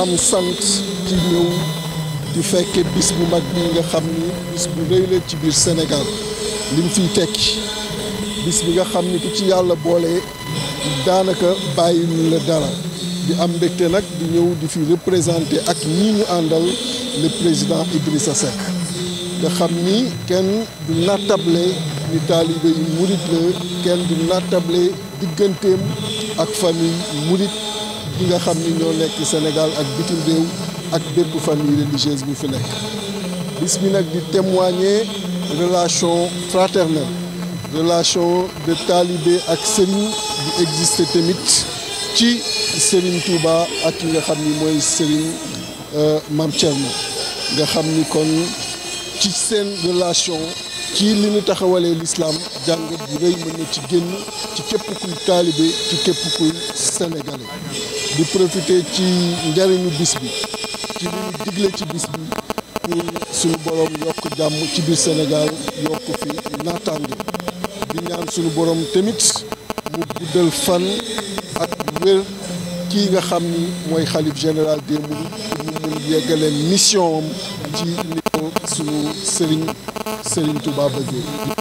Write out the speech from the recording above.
am sant ci ñëw di fekke bis bu mag bi nga xam ni bis bu rëy ci biir Sénégal liñ fiy tekki bis bi nga xam ni ku ci yàlla boole daanaka bàyyilu la dara di am mbégte nag di ñëw di fi représenté ak ñii ñu àndal le président Idrissa Seck nga xam ni kenn du nattable ni taalibe yu murit la kenn du nattable digganteem ak famille murit ñi nga xam ni ñoo nekk Sénégal ak bitim ak bépp famille religieuse bu fi nekk bis bi nag di témoigner relation fraternelle relation de talibé ak Serigne bu exister tamit ci Serigne Touba ak ki nga xam ni mooy Serigne euh, Mame Thierno nga xam ni kon ci seen relation ci li ñu taxawalee lislaam jàngat bi rëy mën na ci génn ci képp kuy taalibe ci képp kuy sénégalais di profité ci njariñu bis bi ci li ñu digle ci bis bi pour suñu borom yokk jàmm ci biir Sénégal yokk fi naataange di ñaan suñu borom tamit mu guddal fan ak wér kii nga xam ni mooy xalif général des mourides mu mun yeggale mission ci suñu sëriñ sëriñ Touba bëggee